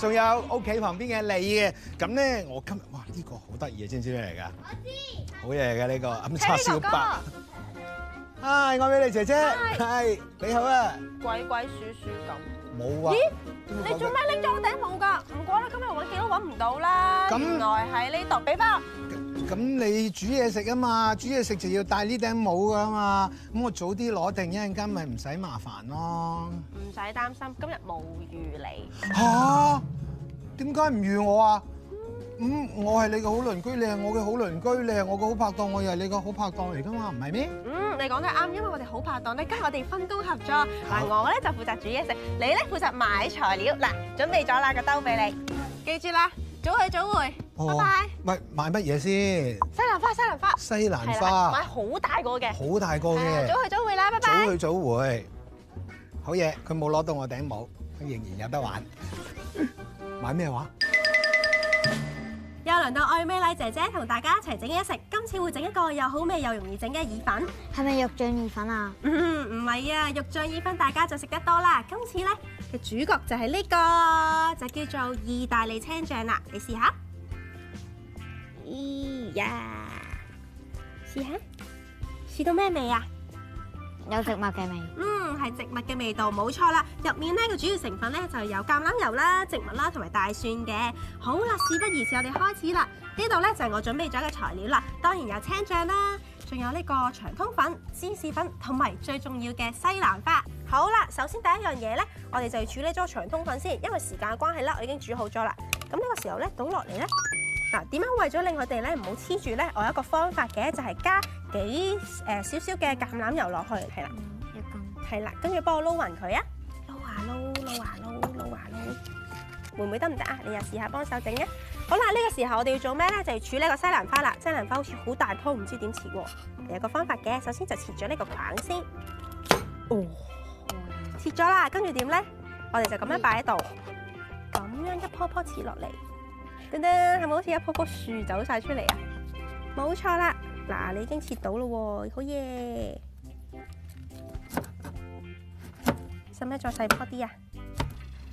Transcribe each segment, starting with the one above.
仲有屋企旁邊嘅你嘅，咁咧我今日哇呢個好得意啊！知唔知咩嚟㗎？我知。好嘢嘅呢個咁叉燒包。係，我俾你姐姐。係。你好啊。鬼鬼祟祟咁。冇啊。咦？你做咩拎咗我頂帽㗎？唔怪得今日揾極都揾唔到啦。咁。原來喺呢度，俾翻。咁你煮嘢食啊嘛，煮嘢食就要戴呢頂帽噶嘛，咁我早啲攞定一陣間咪唔使麻煩咯。唔使擔心，今日冇預你。吓？點解唔預我啊？嗯，我係你嘅好鄰居，你係我嘅好鄰居，你係我嘅好拍檔，我又係你嘅好拍檔嚟噶嘛，唔係咩？嗯，你講得啱，因為我哋好拍檔咧，今日我哋分工合作，嗱我咧就負責煮嘢食，你咧負責買材料，嗱準備咗啦個兜俾你，記住啦。早去早回，拜拜。唔係買乜嘢先？西蘭花，西蘭花，西蘭花，買好大個嘅，好大個嘅。早去早回啦，拜拜。早去早回，好嘢。佢冇攞到我頂帽，佢仍然有得玩。買咩話？輪到愛美麗姐姐同大家一齊整嘢食，今次會整一個又好味又容易整嘅意粉。係咪肉醬意粉啊？唔唔唔係啊，肉醬意粉大家就食得多啦。今次呢，嘅主角就係呢個，就叫做意大利青醬啦。你試下，咦、yeah. 呀，試下試到咩味啊？有植物嘅味道，嗯，係植物嘅味道，冇錯啦。入面咧，個主要成分咧就有橄欖油啦、植物啦同埋大蒜嘅。好啦，事不宜遲，我哋開始啦。呢度咧就係我準備咗嘅材料啦，當然有青醬啦，仲有呢個長通粉、芝士粉同埋最重要嘅西蘭花。好啦，首先第一樣嘢咧，我哋就要處理咗長通粉先，因為時間嘅關係啦，我已經煮好咗啦。咁呢個時候咧，倒落嚟咧，嗱，點樣為咗令我哋咧唔好黐住咧？我有一個方法嘅，就係加。幾誒少少嘅橄欖油落去，係啦，係、嗯、啦，跟住幫我撈匀佢啊！撈下撈，撈下撈，撈下撈，妹妹得唔得啊？你又試下幫手整啊！好啦，呢、這個時候我哋要做咩咧？就係處理個西蘭花啦。西蘭花好似好大棵，唔知點切喎、啊。有個方法嘅，首先就切咗呢個梗先。哦，嗯、切咗啦，跟住點咧？我哋就咁樣擺喺度，咁樣一棵棵切落嚟，噔噔，係咪好似一棵棵樹走晒出嚟啊？冇錯啦。嗱，你已經切到咯喎，好耶！使唔使再細顆啲啊？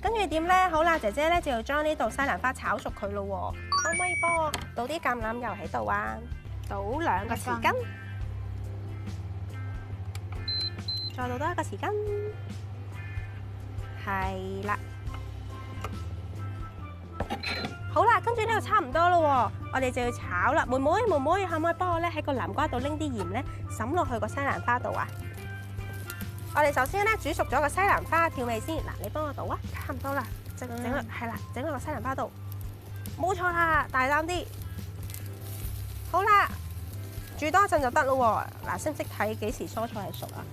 跟住點咧？好啦，姐姐咧就要將呢度西蘭花炒熟佢咯喎，可唔可以幫我倒啲橄欖油喺度啊？倒兩個匙羹，再倒多一個匙羹，係啦。好啦，跟住呢個差唔多咯，我哋就要炒啦。妹妹，妹妹，可唔可以幫我咧喺個南瓜度拎啲鹽咧，揾落去個西蘭花度啊？我哋首先咧煮熟咗個西蘭花調味先。嗱，你幫我倒啊，差唔多啦，整，係、嗯、啦，整落個西蘭花度，冇錯啦，大膽啲。好啦，煮多一陣就得咯。嗱，識唔識睇幾時蔬菜係熟啊？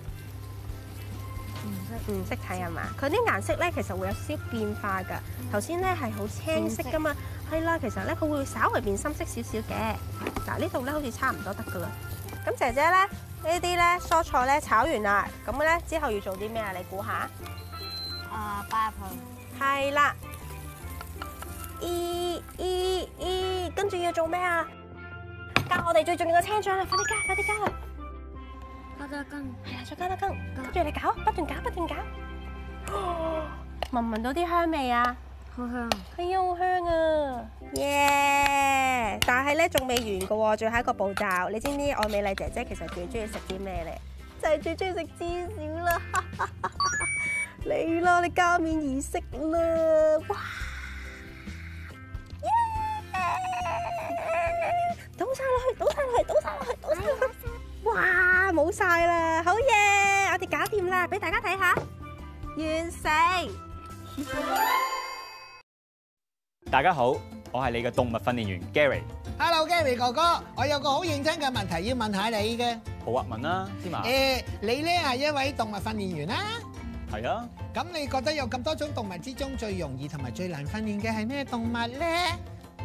唔識睇係嘛？佢啲顏色咧，其實會有少少變化噶。頭先咧係好青色噶嘛，係、嗯、啦、嗯。其實咧佢會稍為變深色少少嘅。嗱呢度咧好似差唔多得噶啦。咁姐姐咧呢啲咧蔬菜咧炒完啦，咁咧之後要做啲咩啊？你估下？啊、呃，八盤。係啦。咦咦咦，跟住要做咩啊？加我哋最重要嘅青醬啦！快啲加，快啲加啦！加加多羹，係啊，再加多羹。跟住你搞，不斷搞，不斷搞。聞唔聞到啲香味啊？好香。係啊，好香啊 yeah。耶！但係咧仲未完噶，仲有一個步驟。你知唔知愛美麗姐姐其實最中意食啲咩咧？就係、是、最中意食芝士啦。你啦，你加冕儀式啦！哇！倒晒落去，倒晒落去，倒晒。倒晒啦，好嘢！我哋搞掂啦，俾大家睇下，完成。大家好，我係你嘅動物訓練員 Garay。Hello，Garay 哥哥，我有個好認真嘅問題要問下你嘅。好啊，問啦，芝麻。誒，你咧係一位動物訓練員啦。係啊。咁你覺得有咁多種動物之中，最容易同埋最難訓練嘅係咩動物咧？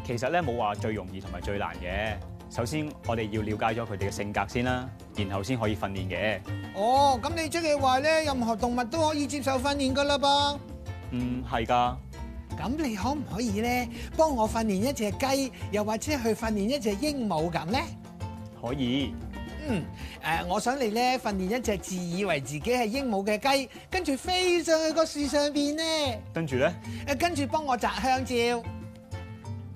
其實咧冇話最容易同埋最難嘅。首先，我哋要了解咗佢哋嘅性格先啦，然後先可以訓練嘅。哦，咁你即係話咧，任何動物都可以接受訓練㗎啦噃，嗯，係㗎。咁你可唔可以咧幫我訓練一隻雞，又或者去訓練一隻鸚鵡咁咧？可以。嗯，誒，我想你咧訓練一隻自以為自己係鸚鵡嘅雞，跟住飛上去個樹上邊咧。跟住咧？誒，跟住幫我摘香蕉。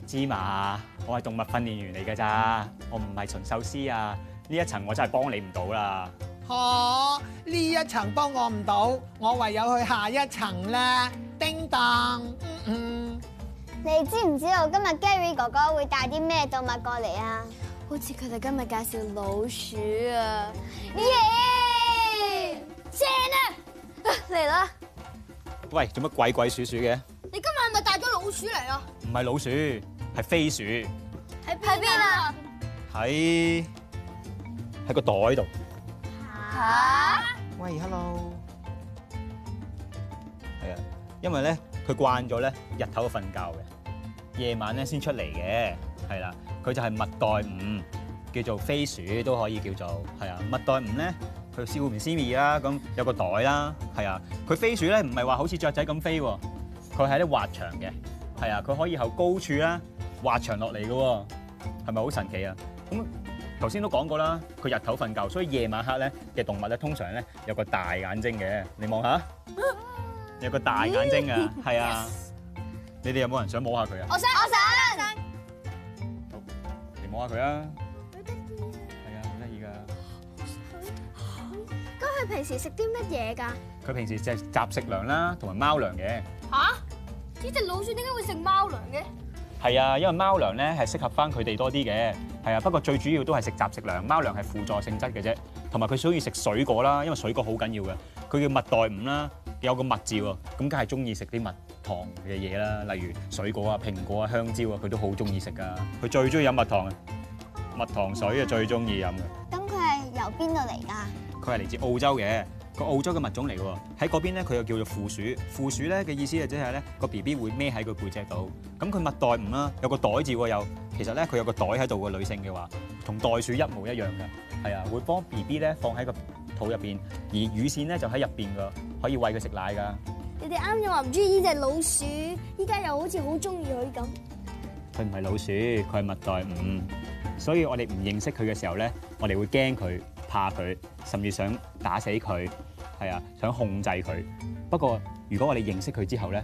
芝麻，我係動物訓練員嚟噶咋，我唔係馴獸師啊，呢一層我真係幫你唔到啦。哈、哦，呢一層幫我唔到，我唯有去下一層咧。叮當，你知唔知道今日 Garay 哥哥會帶啲咩動物過嚟啊？好似佢哋今日介紹老鼠啊。耶，正啊，嚟啦！喂，做乜鬼鬼祟鼠嘅？你今日係咪帶咗老鼠嚟啊？唔係老鼠。係飛鼠，喺喺邊啊？喺喺個袋度。嚇！喂，hello。係啊，因為咧佢慣咗咧日頭瞓覺嘅，夜晚咧先出嚟嘅，係啦。佢就係蜜袋鼯，叫做飛鼠都可以叫做。係啊，蜜袋鼯咧，佢笑唔思 i 啦，咁有個袋啦，係啊。佢飛鼠咧唔係話好似雀仔咁飛喎，佢喺啲滑牆嘅，係啊，佢可以後高處啦。滑牆落嚟嘅喎，係咪好神奇啊？咁頭先都講過啦，佢日頭瞓覺，所以夜晚黑咧嘅動物咧通常咧有個大眼睛嘅，你望下，有個大眼睛嘅，係啊。你哋有冇人想摸下佢啊？我想，我想，你想。嚟摸下佢啊！係啊，好得意噶。咁佢平時食啲乜嘢噶？佢平時食雜食糧啦，同埋貓糧嘅。吓！呢隻老鼠點解會食貓糧嘅？係啊，因為貓糧咧係適合翻佢哋多啲嘅。係啊，不過最主要都係食雜食糧，貓糧係輔助性質嘅啫。同埋佢好中意食水果啦，因為水果好緊要嘅。佢叫蜜袋鼯啦，有個蜜字喎，咁梗係中意食啲蜜糖嘅嘢啦，例如水果啊、蘋果啊、香蕉啊，佢都好中意食噶。佢最中意飲蜜糖啊，蜜糖水啊最中意飲嘅。咁佢係由邊度嚟㗎？佢係嚟自澳洲嘅。個澳洲嘅物種嚟嘅喎，喺嗰邊咧佢又叫做負鼠，負鼠咧嘅意思就即係咧個 B B 會孭喺佢背脊度，咁佢蜜袋鼯啦，有個袋字又，其實咧佢有個袋喺度嘅女性嘅話，同袋鼠一模一樣嘅，係啊，會幫 B B 咧放喺個肚入邊，而乳腺咧就喺入邊嘅，可以餵佢食奶㗎。你哋啱啱話唔中意呢隻老鼠，依家又好似好中意佢咁。佢唔係老鼠，佢係蜜袋鼯。所以我哋唔認識佢嘅時候咧，我哋會驚佢。怕佢，甚至想打死佢，係啊，想控制佢。不過，如果我哋認識佢之後咧，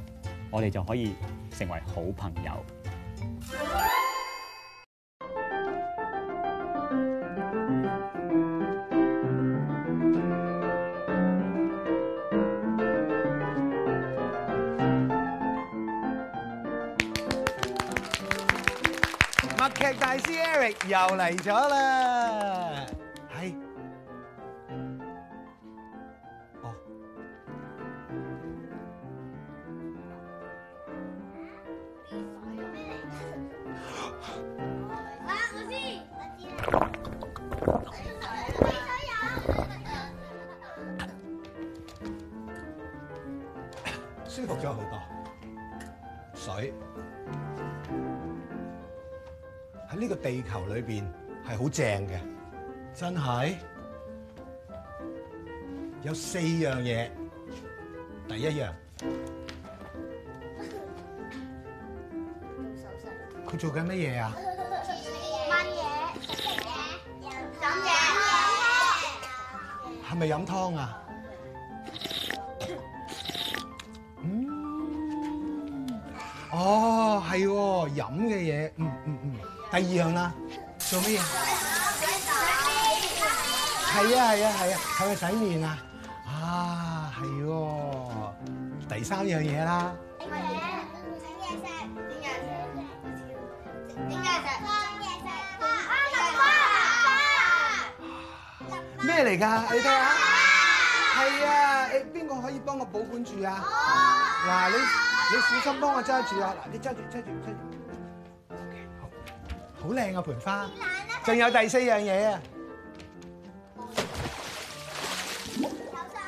我哋就可以成為好朋友。默 劇大師 Eric 又嚟咗啦！頭裏邊係好正嘅，真係有四樣嘢。第一樣，佢做緊乜嘢啊？食嘢，飲嘢，飲嘢。係咪飲湯啊？嗯，哦，係喎，飲嘅嘢，嗯嗯嗯。第二樣啦。做乜嘢？係啊，係啊，係啊，係咪、啊、洗面啊？啊，係喎，第三樣嘢啦。整嘢食，整嘢食，整嘢食，整嘢食，整嘢食，整嘢食，整嘢食。咩嚟噶？你睇下，係啊，誒，邊個可以幫我保管住啊？嗱、啊啊，你你小心幫我揸住、哦、啊！嗱，你揸住揸住揸住。好靚啊盆花，仲有第四樣嘢啊！有水，有水，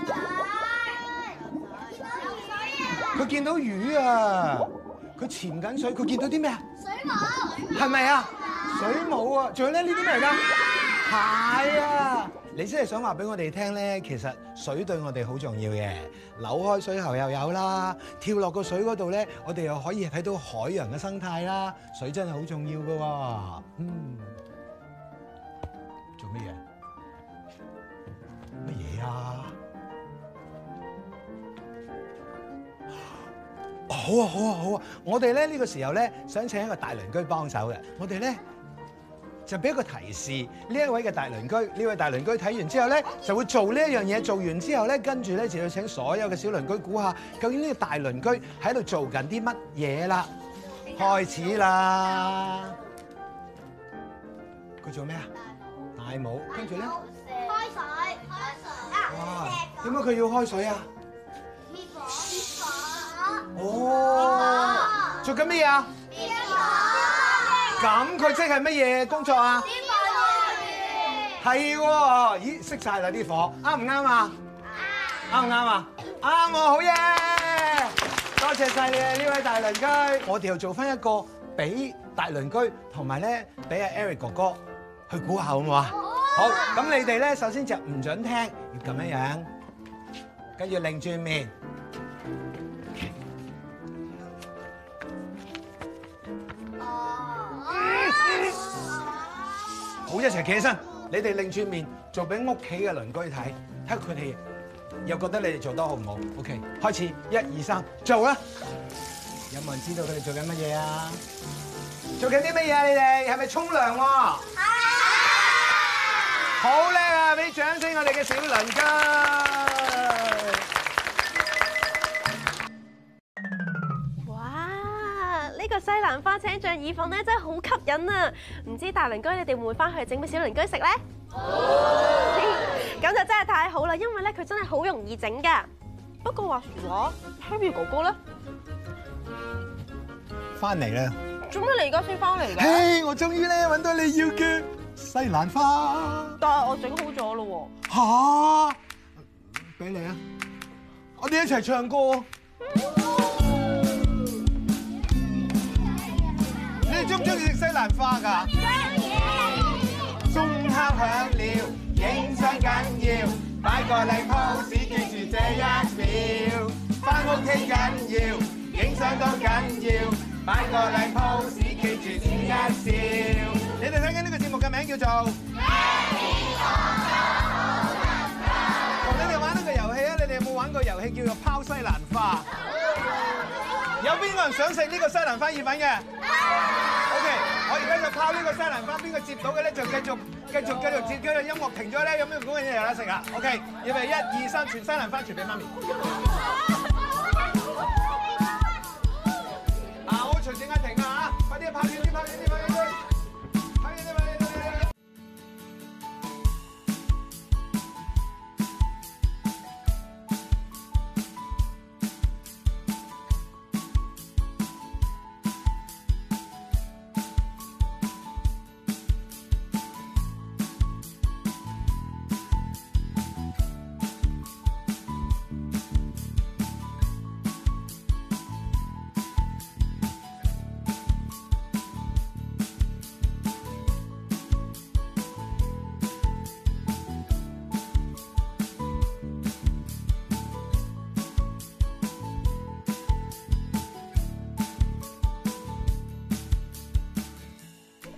有水，有水，見到魚水啊！佢見到魚啊！佢潛緊水，佢見到啲咩啊？水母，係咪啊？水母啊！仲有咧？呢啲咩嚟㗎？蟹啊！你真係想話俾我哋聽咧？其實水對我哋好重要嘅，扭開水喉又有啦，跳落個水嗰度咧，我哋又可以睇到海洋嘅生態啦。水真係好重要㗎喎。嗯，做乜嘢？乜嘢啊？好啊，好啊，好啊！我哋咧呢個時候咧，想請一個大鄰居幫手嘅。我哋咧。就俾一個提示，呢一位嘅大鄰居，呢位大鄰居睇完之後咧，就會做呢一樣嘢，做完之後咧，跟住咧就要請所有嘅小鄰居估下究竟呢個大鄰居喺度做緊啲乜嘢啦，開始啦！佢做咩啊？大帽，跟住咧？開水，開水啊！哇，點解佢要開水啊？滅火，滅火。哦。做緊咩啊？滅火。咁佢即係乜嘢工作啊？消防員係喎，咦，熄曬啦啲火，啱唔啱啊？啱唔啱啊？啱啊，好耶！多謝曬你啊，呢位大鄰居，我哋又做翻一個俾大鄰居同埋咧，俾阿 Eric 哥哥去估下好唔好啊？好，咁你哋咧，首先就唔準聽，要咁樣樣，跟住擰轉面。好，一齊企起身，你哋擰住面做俾屋企嘅鄰居睇，睇下佢哋又覺得你哋做得好唔好？OK，開始，一二三，做啦！有冇人知道佢哋做緊乜嘢啊？做緊啲乜嘢啊？你哋係咪沖涼喎？好叻啊！俾掌聲，我哋嘅小鄰家。個西蘭花青醬意粉咧，真係好吸引啊，不道，唔知大鄰居你哋會唔會翻去整俾小鄰居食咧？咁 就真係太好啦，因為咧佢真係好容易整噶。不過話說話，Garay 哥哥咧翻嚟咧，做乜你而家先翻嚟？嘿、hey，我終於咧揾到你要嘅西蘭花。但係我整好咗咯喎。吓，俾你啊！你，我哋一齊唱歌。 中唔中意食西蘭花噶？中意，鐘響了，影相緊要，擺個靚 pose 記住這一秒，翻屋企緊要，影相都緊要，擺個靚 pose 記住笑一笑。你哋睇緊呢個節目嘅名叫做我？同你哋玩呢個遊戲啊？你哋有冇玩過遊戲叫做拋西蘭花？有邊個人想食呢個西蘭花意粉嘅？我而家就拋呢個西蘭花，邊個接到嘅咧就繼續繼續繼續接。今日音樂停咗咧，有咩嘅嘢，有得食啊？OK，要咪一二三，全西蘭花傳俾媽咪。嗱、啊，我隨時嗌停啊！吓、啊啊，快啲拍遠啲，拍遠啲，拍遠啲。拍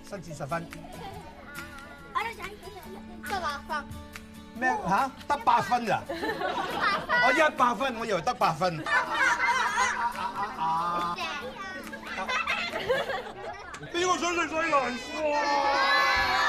先至十分、uh, 我，我都想得六、uh, 分。咩？吓、哦？得、啊、八分咋？一八分 我一百分，我以為得八分。邊個想食西蘭花？